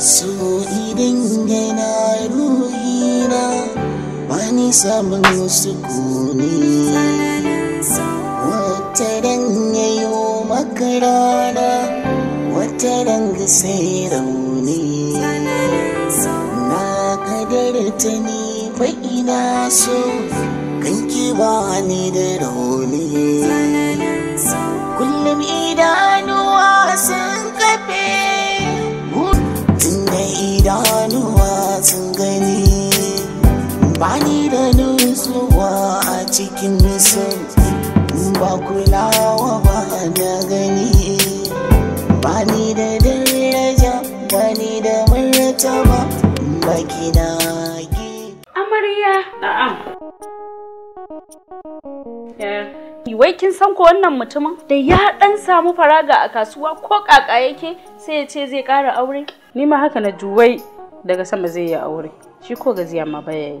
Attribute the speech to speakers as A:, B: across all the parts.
A: so idan gaina ruhina wani samun sukuni wata ran yayo maka rana wata ran sai rauni na kadarta ni fa ina so kan ki ba ni da rauni bani da nutsuwa a cikin sauki ba kulawa ba na gani bani da daraja bani da ba gina na amarya na'am
B: Iwai kin san ko wannan mutumin da ya dan samu faraga a kasuwa ko kaka yake sai ya ce zai ƙara aure ni ma haka na juwai daga sama zai yi aure shi ko gaziya ma baya yi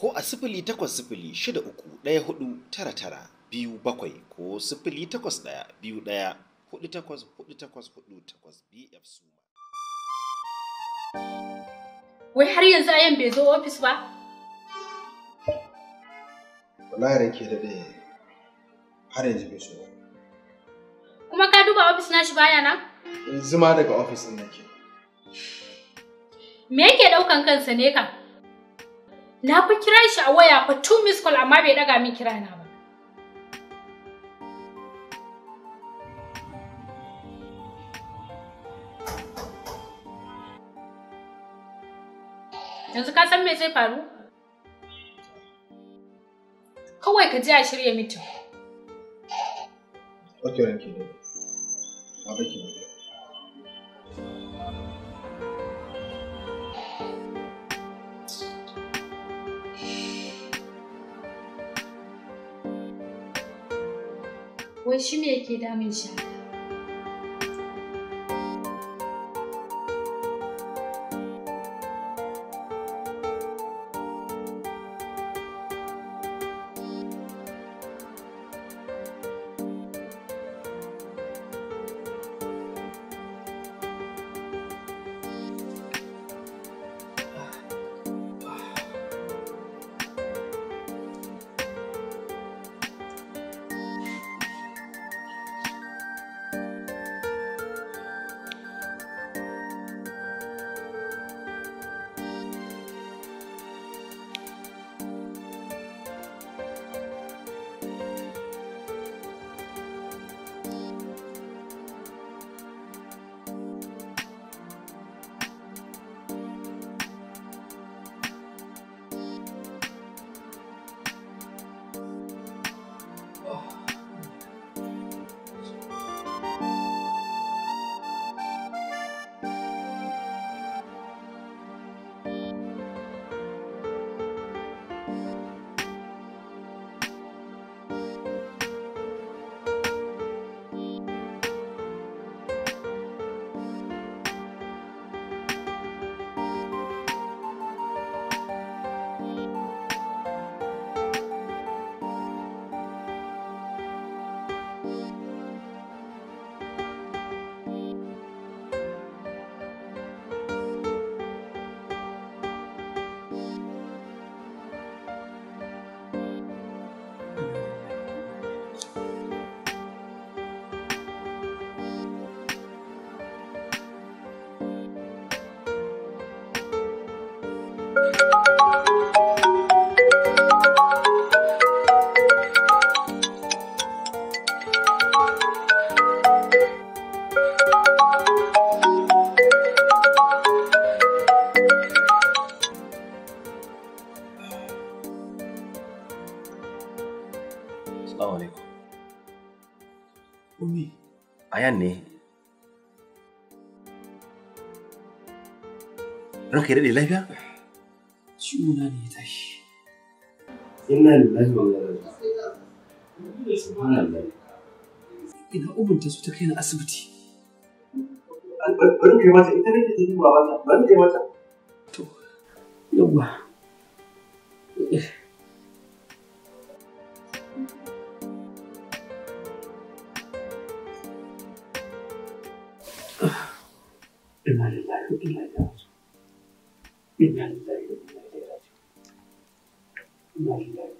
C: ko a sifili takwas sifili shida uku ɗaya hudu tara tara biyu bakwai ko sifili takwas ɗaya biyu ɗaya hudu takwas hudu takwas hudu takwas bf su.
B: Wai har yanzu ayan bai zo ofis ba?
C: wala ranke da daɗe har yanzu bai zo ba.
B: Kuma ka duba ofis na shi baya na?
C: Zuma daga
A: ofis ɗin nake.
B: Me yake ɗaukan kansa ne ka? Na fi kiran shi a waya fa two miss call amma bai daga min kira na ba. Yanzu ka san me zai faru? Kawai ka je a shirya mitin.
D: Ok, ranki ne. Ba ki
B: wai shi me yake damun shi
E: Assalamu alaikum.
C: Umi, ayan ne. Ranka ya daɗe lafiya? Ciwona ne ya tashi. Inna lillahi wa inna
E: Ina ubunta su ta kai na asibiti. Bari kai mata ita nake ta duba mata, bari kai mata. yawwa. De ve inanillah de İnanillah ve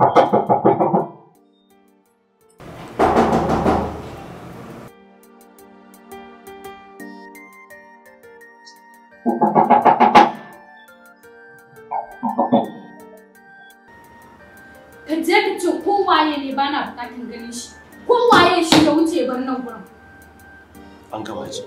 B: Thank you. buƙatar ganin shi ko waye shi ya wuce bar nan gurin
C: an gama shi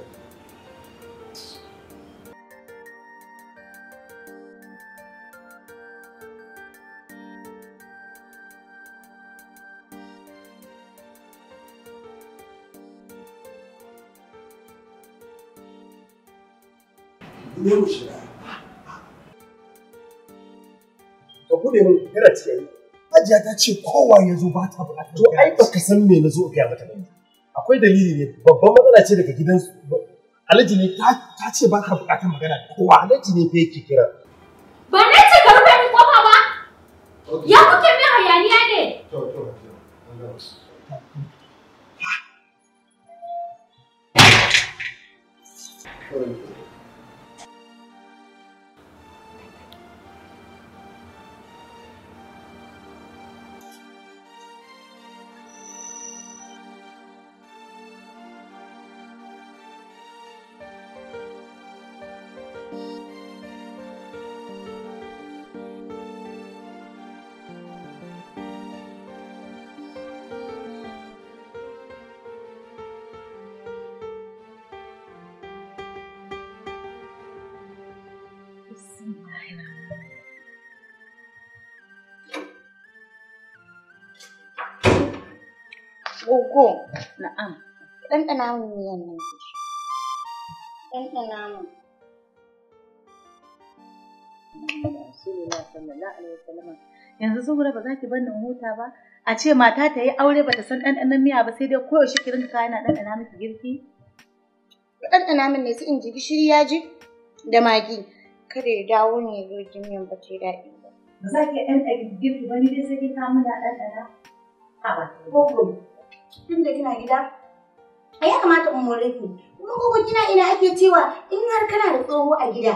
C: Ne mu shiga. Ka buɗe mun kira ciyayi. Hajiya ta ce kowa ya zo ba ta buƙatar. To ai baka san me na zo gaya mata ba. Akwai dalili ne babban matsala ce daga gidansu. Alhaji ne ta ce ba ka buƙatar magana da kowa. Alhaji ne fa yake kira.
E: Ogo.
D: Na'am. Ɗanɗana min miyan nan ki. Ɗanɗana min.
F: Yanzu saboda ba za ki bar nan huta ba, a ce mata ta yi aure ba ta san ɗanɗanon miya ba sai dai koyaushe ki rinka kana ɗanɗana miki girki. Ɗanɗana min ne sai in ji gishiri ya ji da magi. Kada ya dawo ne zo jimiyan ba ta daɗi ba. Ba za ki ɗanɗana girki ba ni dai sai ki kawo mana ɗanɗana. Haba, ko tunda kina
D: gida a ya kamata in more ku kuma ko kina ina ake cewa in har kana da tsoho a gida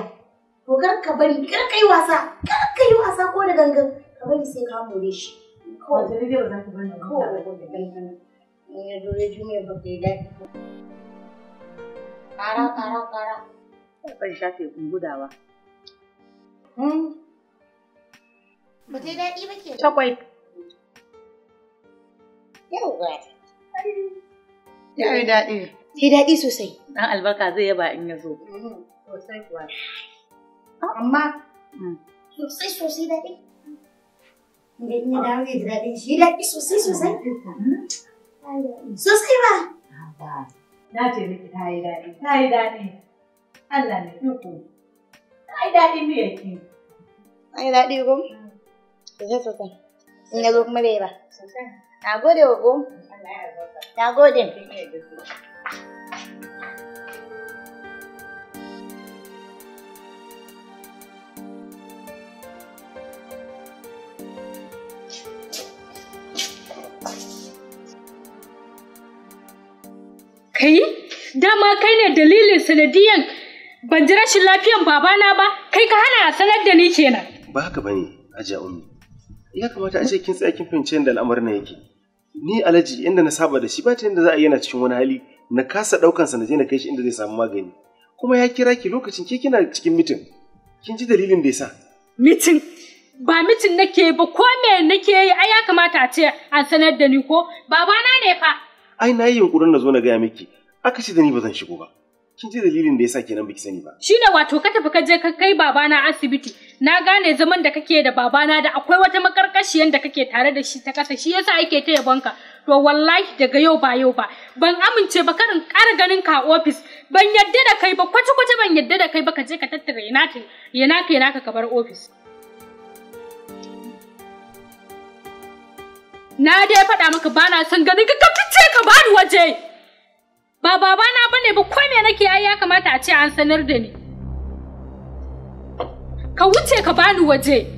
D: to kar ka bari kar kai wasa kar kai wasa ko da gangan ka bari
F: sai ka more shi ko da rage za ka da gangan ya dole jumiya ba kai daɗi kara kara kara ban shafe gudawa hmm? ba ta daɗi ba ke takwai yau ba
D: Ya yi daɗi.
F: Ya yi daɗi sosai. Ɗan albarka zai yaba in ya zo. Mm-hmm. Sosai kuwa. Ah. Amma mm.
D: sosai sosai daɗi.
F: Inda in da dawo ya ji daɗin shi daɗi sosai sosai. Mm. Sosai ba. Na ce miki ta yi daɗi, ta yi daɗi. Allah ne iko. Ta yi daɗi mu yake. Ta yi daɗi ko? Mm. Sosai
D: sosai. In ya zo kuma bai ba. Sosai. Na gode gogo. Na gode.
B: Kai? Dama kai ne dalilin sanadiyan ban ji rashin lafiyan babana ba, kai ka hana a sanar da ni kenan.
C: Ba haka bane, Hajiya Ummi. Ya kamata a ce kin tsaya kin fahimci yadda al'amarin yake. ni alaji inda na saba da shi ba ta yadda za a yana cikin wani hali na kasa ɗaukan sa na je na kai shi inda zai samu magani
A: kuma ya kira ki lokacin
C: ke kina cikin mitin kin ji dalilin da yasa mitin
B: ba mitin nake ba ko me nake yi ai ya kamata a ce an sanar da ni ko babana ne fa
C: ai na yi yunkurin na zo na gaya miki aka ce da ni ba zan shigo ba Kin ji dalilin da yasa kenan baki sani ba.
B: Shine wato ka tafi ka je ka kai babana asibiti. Na gane zaman da kake da babana da akwai wata makarkashiyar da kake tare da shi ta kasa shi yasa ake ta yabonka. To wallahi daga yau ba yau ba. Ban amince ba karin ƙara ganin ka ofis. Ban yadda da kai ba kwata-kwata ban yadda da kai ba ka je ka tattara yana yanaka yanaka ka bar ofis. Na dai faɗa maka bana son ganin ka ka fice ka bani waje. Ba babana bane ba ko me nake ai ya kamata a ce an sanar da ni. Ka wuce ka bani waje.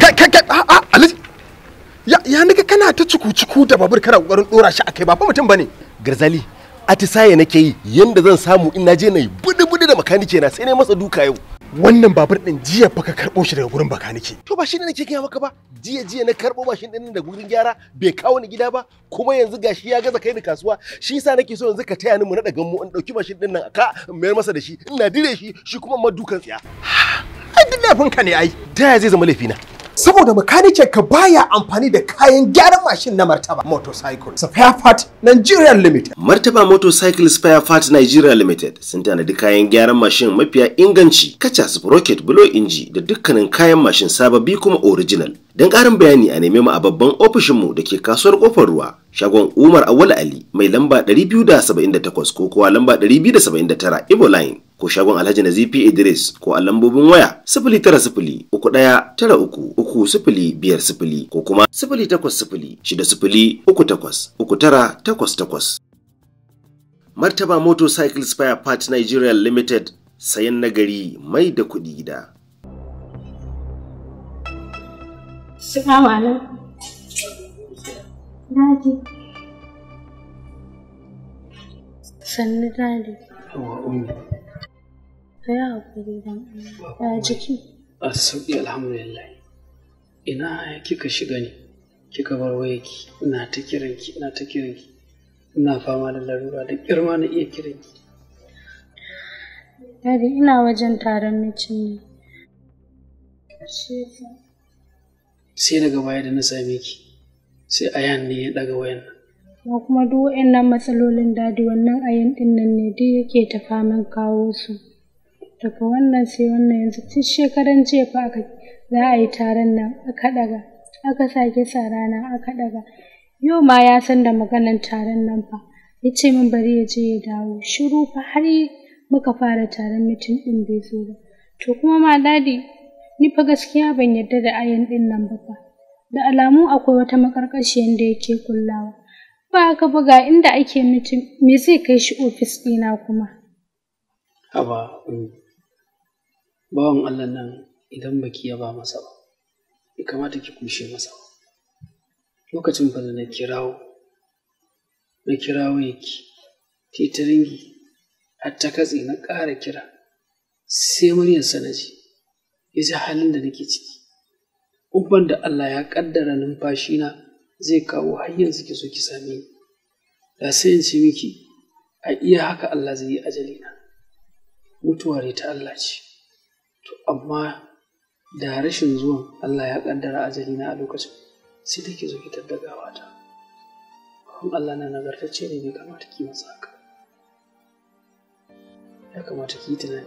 C: kai a ya ya naga kana ta cuku-cuku da babur kana kokarin dora shi akai ba fa mutum bane garzali atisaye nake yi yanda zan samu in naje na yi budu-budu da makanike na sai na masa duka yau wannan babur din jiya fa ka karbo shi daga gurin makanike. to ba shi ne nake gaya maka ba jiya jiya na karbo mashin din da gurin gyara bai kawo ni gida ba kuma yanzu gashi ya gaza kai ni kasuwa shi yasa nake so yanzu ka taya ni mu na daga mu in dauki mashin din nan ka mayar masa da shi ina dire shi shi kuma ma dukan tsiya ai duk ne ai da ya zai zama laifina saboda makanike ka baya amfani da kayan gyaran mashin na martaba motorcycle spare part Nigeria Limited martaba motorcycle spare part Nigeria Limited sun tanadi kayan gyaran mashin mafiya inganci kacha sprocket blow inji da dukkanin kayan mashin sababbi kuma original Don ƙarin bayani a neme mu a babban ofishinmu da ke kasuwar ƙofar ruwa shagon Umar Awala Ali mai lamba 278 ko kuwa lamba 279 Ibo Line ko shagon Alhaji Nazifi Idris ko a lambobin waya 09039330500 ko kuma 08060383988. Martaba Motorcycle Spire Part Nigeria Limited sayan nagari mai da kuɗi gida.
F: Shiga malam. Dadi. Sannu dadi. Hawa yi haƙuri don Allah. Ya jiki?
E: A sauƙi alhamdulillah. Ina kika shiga ne? Kika bar wayarki ina ta kiranki ina ta kiranki. Ina fama da larura da girma na iya kiranki.
F: Dadi ina wajen taron mijin ne. Shi
E: sai daga baya da na same ki sai ayan ne ya daga wayan
F: ko kuma duk wayannan matsalolin dadi wannan ayan din nan ne duk yake ta faman kawo su daga wannan sai wannan yanzu tun shekaran jiya fa aka za a yi taron nan aka daga aka sake sa rana aka daga yau ma ya san da maganan taron nan fa ya ce min bari ya je ya dawo shiru fa har muka fara taron mutum din bai zo ba to kuma ma dadi Ni fa gaskiya ban yadda da ayan ɗin nan ba fa. Da alamu akwai wata makarkashiyar da yake kullawa. Ba ka buga inda ake mutum me zai kai shi ofis dina kuma.
E: Haba, um, bawan Allah nan idan baki yaba masa ba, ya kamata ki kushe masa ba. Lokacin ba na kirawo, na kirawo yake, ta har ta katse na ƙara kira, sai muryarsa na ji. ya ji halin da nake ciki uban da Allah ya kaddara numfashina zai kawo har yanzu ki so ki same ni da sai in ce miki a iya haka Allah zai yi ajalina mutuwa ne ta Allah ce to amma da rashin zuwan Allah ya ƙaddara kaddara ajalina a lokacin sai take zo ki taddagawa ta kun Allah na nagartacce ne bai kamata ki masa haka ya kamata ki yi tunani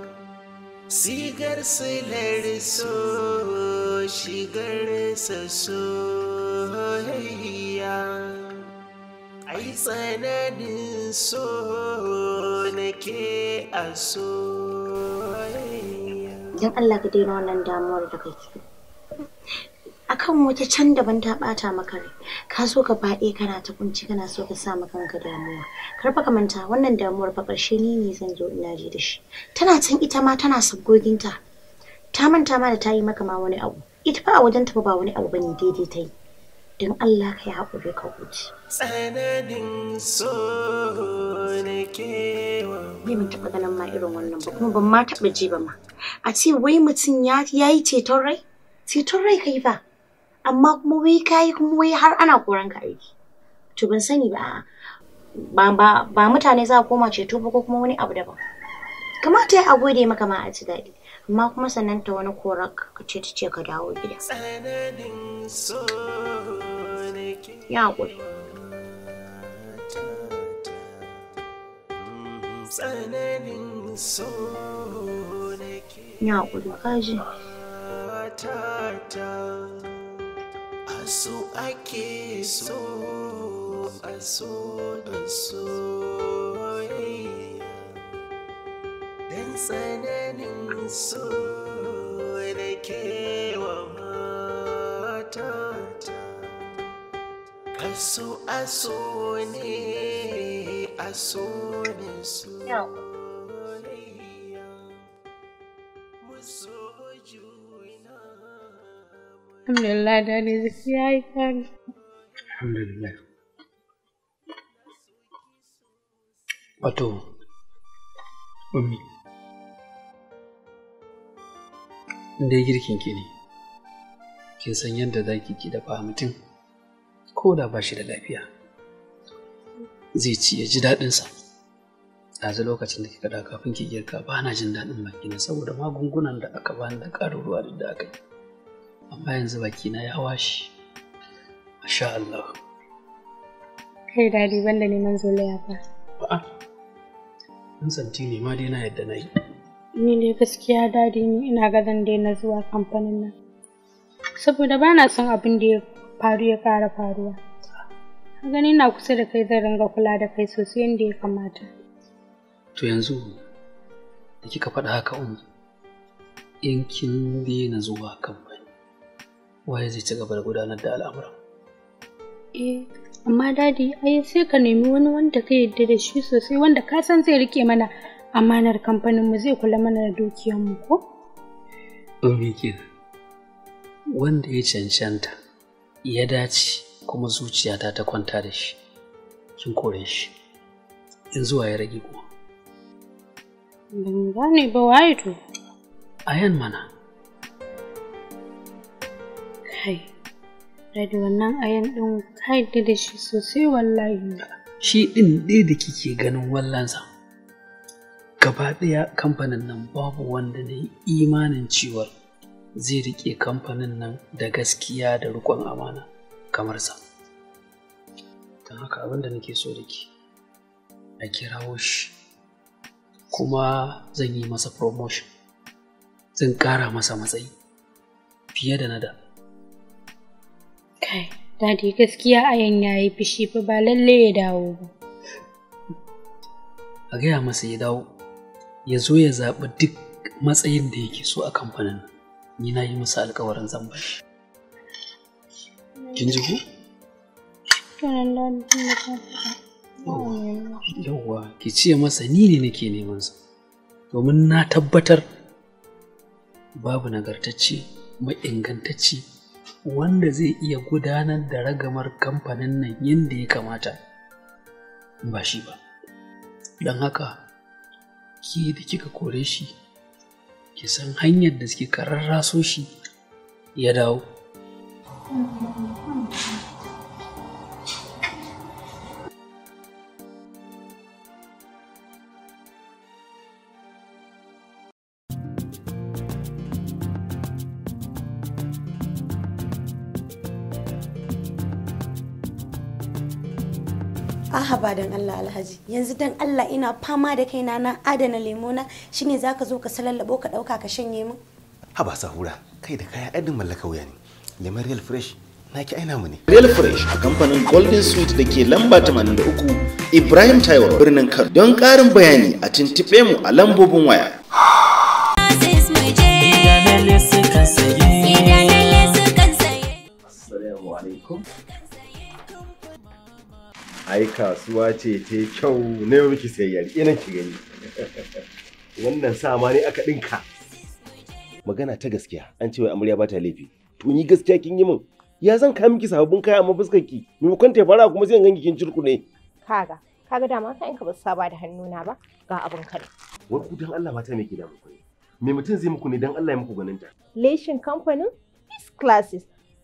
A: sigar silar so shigar sa ayi tsananin so nake a soyayya
D: don Allah ka daina wannan damuwar da kake kan wata can daban ta bata maka rai ka so ka baɗe kana ta kunci kana so ka sa maka kanka damuwa karfa ka manta wannan damuwar fa ƙarshe ni ne zan zo ina ji da shi tana can ita ma tana sabgoginta ta manta ma da ta yi maka ma wani abu ita fa a wajen ta ba wani abu bane daidai ta yi don Allah ka yi haƙuri ka guji.
A: Tsananin so na kewa. Bai mun taɓa ganin ma irin wannan ba
D: kuma ban ma taɓa ji ba ma. A ce wai mutum ya yi ceton rai? Ceton rai kai ba. amma kuma wai kayi kuma wai har ana koran ka aiki to ban sani ba ba mutane za a koma ceto ba ko kuma wani abu daban kamata ya gode maka ma a ci daɗi amma kuma sannan ta wani korar ka ce ta ce ka dawo gida
A: ya haƙuri mm-hmm.
D: ya haƙuri
A: aso ake so aso aso dan tsananin so da kewa matata aso aso ne aso ne so
F: Alhamdulillah dadi ya
E: Alhamdulillah. Wato, Ummi, dai girkin ki ne, kin san yadda za ki dafa mutum ko da ba shi da lafiya. Zai ci ya ji daɗinsa. Ɗazu lokacin da kika da kafin ki girka ba na jin daɗin bakina saboda magungunan da aka bani da ƙarin ruwa da aka yi. amma yanzu bakina ya washe masha Allah
F: kai dadi banda neman zolaya ba. Ba'a,
E: in santi ne ma dai na yadda na yi
F: ni ne gaskiya dadi ni ina ga dai daina zuwa kamfanin nan saboda ba na son abin da ya faru ya kara faruwa gani na kusa da kai zan ringa kula da kai sosai yadda ya kamata
E: to yanzu da kika faɗa haka umu in kin daina zuwa kamfanin waye zai ci gaba da gudanar da alamura
F: eh amma dadi ai sai ka nemi wani wanda ka yarda da shi sosai wanda ka san zai rike mana amanar kamfanin mu zai kula mana da dukiyar mu ko
E: domin ke wanda ya cancanta ya dace kuma zuciyata ta kwanta da shi kin kore shi in zuwa ya rage kuma
F: ban gane ba waye to
E: ayan mana
F: kai da wannan ayan ɗin kai da shi sosai wallahi
E: shi ɗin ɗaya da kike ganin wallansa gaba ɗaya kamfanin nan babu wanda na imanin cewar zai riƙe kamfanin nan da gaskiya da riƙon amana kamar sa don haka abin da nake so da ke a kirawo shi kuma zan yi masa promotion zan ƙara masa matsayi fiye da na da
F: Dadi gaskiya ayan ya yi fishi fa ba lalle ya dawo ba.
E: A gaya masa ya dawo, ya zo ya zaɓi duk matsayin da yake so a kamfanin ni na yi masa alkawarin zan ba shi. Kin ji ku? Yawwa, ki ce masa ni ne nake neman sa, domin na tabbatar babu nagartacce, mai ingantacce wanda zai iya gudanar da ragamar kamfanin nan yadda ya kamata ba shi ba don haka ki da kika kore shi ki san hanyar da suke kararraso shi ya dawo.
D: Mm-hmm.
F: dan don Allah alhaji yanzu don Allah ina fama da kaina na adana
D: lemona shine zaka zo ka salallabo ka ɗauka ka shanye min
C: haba sahura kai da kaya ɗan mallaka wuya ne lemon real fresh naki aina mu ne real fresh a kamfanin golden sweet da ke lamba 83 ibrahim taiwo birnin kano don ƙarin bayani a tuntuɓe mu a lambobin waya ai kasuwa ce ta kyau na yau miki sayayyar ina ki gani wannan ma ne aka dinka magana ta gaskiya an ce wai amarya ba ta laifi to ni gaskiya kin yi min ya zan ka miki sababbin kaya amma fuskar ki maimakon ta fara kuma sai in ganki kin cirku ne
D: kaga kaga dama ka in ka ba saba da hannuna ba ga abin kare
C: wai ku dan Allah mata me ke da muku ne me mutum zai muku ne dan Allah ya muku ganin ta
D: leshin kamfanin class classes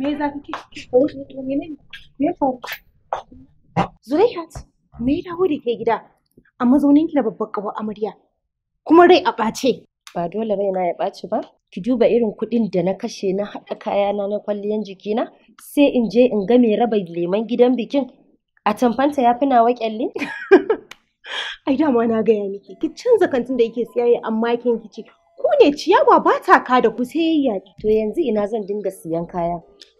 F: me za ka ke Wir faru
D: Zulaihat me hat's. dawo da ke gida a mazaunin ki da babbar kawo amarya kuma rai a ɓace ba dole raina ya ɓaci ba ki duba irin kuɗin da na kashe na haɗa kayana na kwalliyan jikina sai in je in ga mai raba leman gidan bikin a tamfanta ya fi nawa kyalle ai dama na gaya miki ki canza kantin da yake siyayya amma kin kici ku ne ciyawa ba ta ka da ku sai yayi. to yanzu ina zan dinga siyan kaya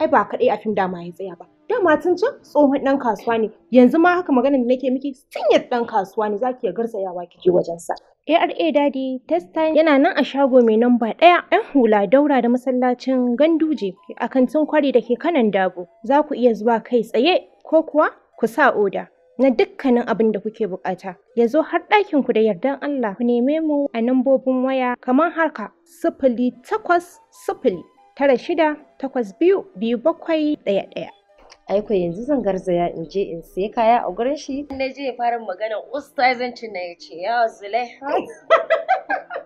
D: ai ba kaɗai a fim dama ya tsaya ba dama tun can tsohon ɗan kasuwa ne yanzu ma haka maganar da nake miki sinyar ɗan kasuwa ne zaki ya garzayawa kike wajen sa ARA Daddy test time yana nan a shago mai namba ɗaya ‘yan hula daura da masallacin ganduje a kantin kwari da ke kanan dago za ku iya zuwa kai tsaye ko kuwa ku sa oda na dukkanin abin da kuke bukata ya zo har ɗakin ku da yardan Allah ku neme mu a nambobin waya kamar haka, sifili takwas sifili tara shida takwas biyu biyu bakwai ɗaya ɗaya. Aiko yanzu zan garzaya in je in siya kaya a gurin shi. Na je ya fara magana ustazancin na ya ce yawa zule.